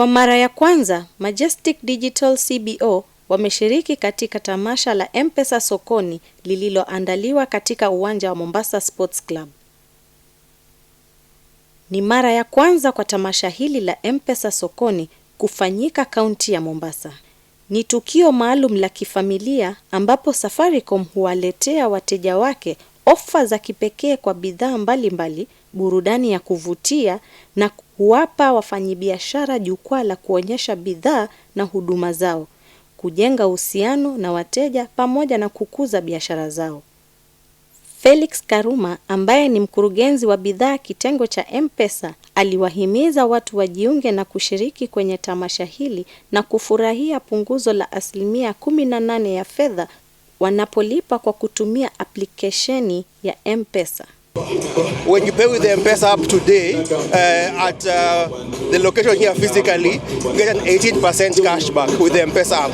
Kwa mara ya kwanza, Majestic Digital CBO wameshiriki katika tamasha la M-Pesa Sokoni lililoandaliwa katika uwanja wa Mombasa Sports Club. Ni mara ya kwanza kwa tamasha hili la M-Pesa Sokoni kufanyika kaunti ya Mombasa. Ni tukio maalum la kifamilia ambapo Safaricom huwaletea wateja wake ofa za kipekee kwa bidhaa mbalimbali, burudani ya kuvutia na kuwapa wafanyabiashara jukwaa la kuonyesha bidhaa na huduma zao, kujenga uhusiano na wateja pamoja na kukuza biashara zao. Felix Karuma ambaye ni mkurugenzi wa bidhaa kitengo cha mpesa aliwahimiza watu wajiunge na kushiriki kwenye tamasha hili na kufurahia punguzo la asilimia 18 ya fedha wanapolipa kwa kutumia aplikesheni ya M-Pesa. When you pay with the M-Pesa app today uh, at uh, the location here physically you get an 18% cashback with the M-Pesa app.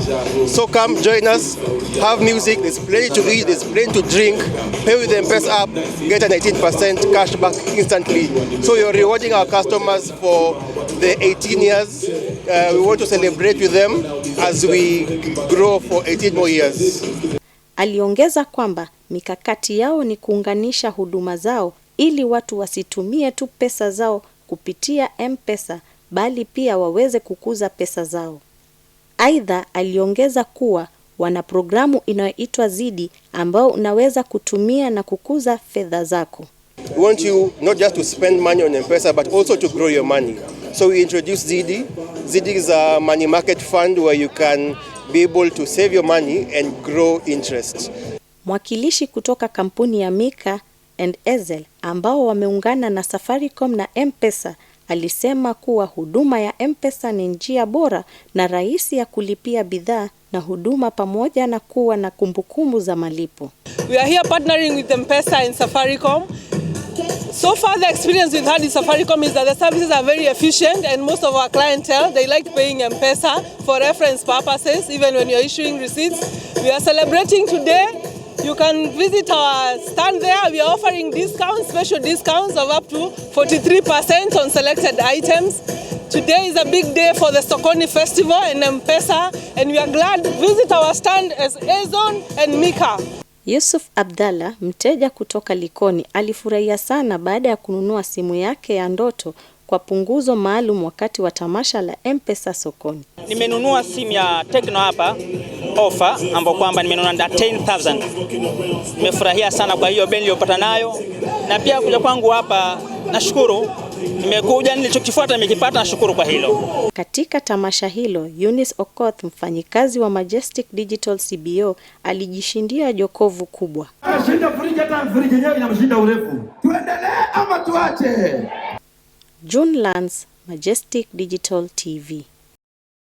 So come join us, have music, there's plenty to eat, there's plenty to drink. Pay with the M-Pesa app, get an 18% cashback instantly. So you're rewarding our customers for the 18 years. Uh, we want to celebrate with them as we grow for 18 more years. Aliongeza kwamba mikakati yao ni kuunganisha huduma zao ili watu wasitumie tu pesa zao kupitia M-Pesa bali pia waweze kukuza pesa zao. Aidha, aliongeza kuwa wana programu inayoitwa Zidi ambao unaweza kutumia na kukuza fedha zako. We want you not just to spend money on M-Pesa but also to grow your money. So we introduced Zidi. Zidi is a money market fund where you can be able to save your money and grow interest. Mwakilishi kutoka kampuni ya Mika and Ezel ambao wameungana na Safaricom na M-Pesa alisema kuwa huduma ya M-Pesa ni njia bora na rahisi ya kulipia bidhaa na huduma pamoja na kuwa na kumbukumbu za malipo. We are here partnering with M-Pesa and Safaricom. So far the experience we've had in Safaricom is that the services are very efficient and most of our clientele, they like paying M-Pesa for reference purposes, even when you're issuing receipts. We are celebrating today. You can visit our stand there. We are offering discounts, special discounts of up to 43% on selected items. Today is a big day for the Sokoni Festival and M-Pesa and we are glad visit our stand as Azon and Mika. Yusuf Abdalla, mteja kutoka Likoni, alifurahia sana baada ya kununua simu yake ya ndoto kwa punguzo maalum wakati wa tamasha la M-Pesa sokoni. Nimenunua simu ya Tecno hapa ofa, ambayo kwamba nimenunua nda 10000. Nimefurahia sana kwa hiyo bei niliyopata nayo, na pia kuja kwangu hapa nashukuru nimekuja, nilichokifuata nimekipata, nashukuru kwa hilo. Katika tamasha hilo, Eunice Okoth, mfanyikazi wa Majestic Digital CBO, alijishindia jokovu kubwa. Anashinda friji, hata friji yenyewe inamshinda urefu. Tuendelee ama tuache? June Lance, Majestic Digital TV.